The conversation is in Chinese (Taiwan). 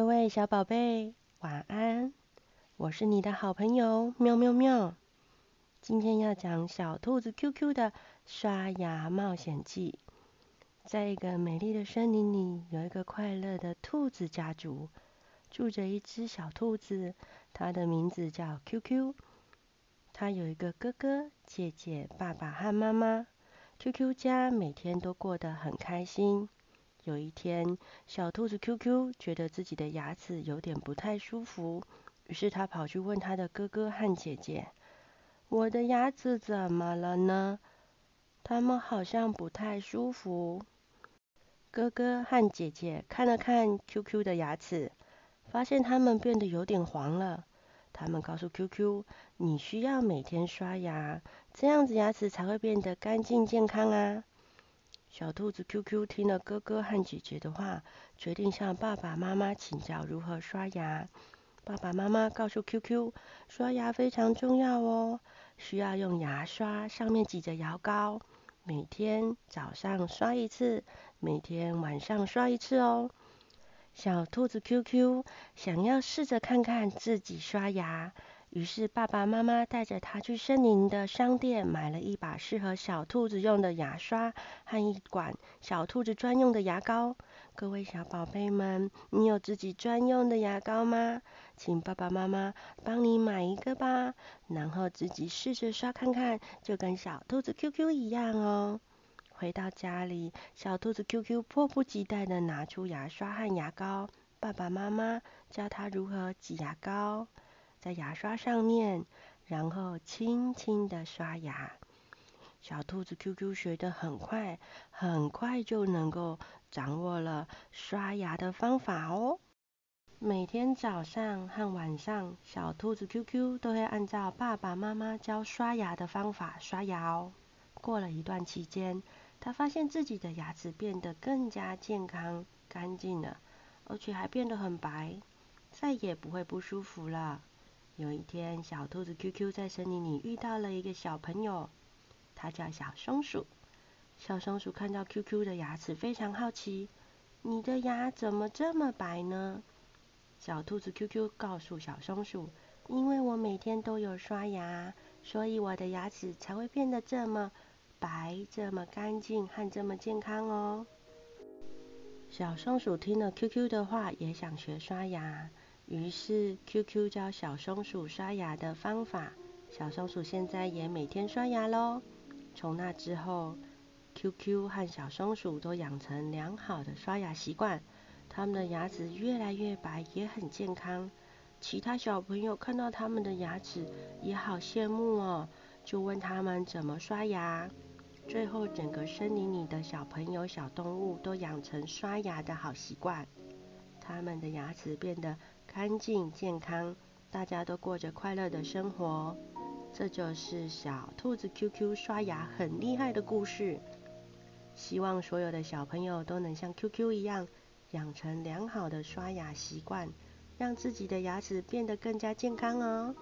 各位小寶貝，晚安！我是你的好朋友妙妙妙。今天要講小兔子 QQ 的刷牙冒險記。在一個美麗的森林裡，有一個快樂的兔子家族，住着一隻小兔子，它的名字叫 QQ。它有一個哥哥、姐姐、爸爸和媽媽。QQ 家每天都過得很開心。有一天，小兔子 QQ 覺得自己的牙齒有點不太舒服，於是他跑去問他的哥哥和姐姐：“我的牙齒怎麼了呢？它們好像不太舒服。”哥哥和姐姐看了看 QQ 的牙齒，發現它們變得有點黃了。他們告訴 QQ：“ 你需要每天刷牙，這樣子牙齒才會變得乾淨健康啊。”小兔子 QQ 聽了哥哥和姐姐的話，決定向爸爸媽媽請教如何刷牙。爸爸媽媽告訴 QQ，刷牙非常重要哦，需要用牙刷，上面擠着牙膏，每天早上刷一次，每天晚上刷一次哦。小兔子 QQ 想要試着看看自己刷牙。於是爸爸媽媽帶着他去森林的商店，買了一把適合小兔子用的牙刷和一管小兔子專用的牙膏。各位小寶貝們，你有自己專用的牙膏嗎？請爸爸媽媽幫你買一個吧，然後自己試着刷看看，就跟小兔子 QQ 一樣哦。回到家裡，小兔子 QQ 迫不及待地拿出牙刷和牙膏，爸爸媽媽教他如何擠牙膏。在牙刷上面，然後輕輕的刷牙。小兔子 QQ 學得很快，很快就能夠掌握了刷牙的方法哦。每天早上和晚上，小兔子 QQ 都會按照爸爸媽媽教刷牙的方法刷牙哦。過了一段期間，他發現自己的牙齒變得更加健康、乾淨了，而且還變得很白，再也不會不舒服了。有一天，小兔子 QQ 在森林裡遇到了一個小朋友，他叫小松鼠。小松鼠看到 QQ 的牙齒非常好奇：“你的牙怎麼這麼白呢？”小兔子 QQ 告訴小松鼠：“因為我每天都有刷牙，所以我的牙齒才會變得這麼白、這麼乾淨和這麼健康哦。”小松鼠聽了 QQ 的話，也想學刷牙。於是，QQ 教小松鼠刷牙的方法，小松鼠現在也每天刷牙嘍。從那之後，QQ 和小松鼠都養成良好的刷牙習慣，他們的牙齒越來越白，也很健康。其他小朋友看到他們的牙齒，也好羨慕哦，就問他們怎麼刷牙。最後，整個森林裡的小朋友、小動物都養成刷牙的好習慣，他們的牙齒變得，乾淨、健康，大家都過着快樂的生活。這就是小兔子 QQ 刷牙很厲害的故事。希望所有的小朋友都能像 QQ 一樣，養成良好的刷牙習慣，讓自己的牙齒變得更加健康哦。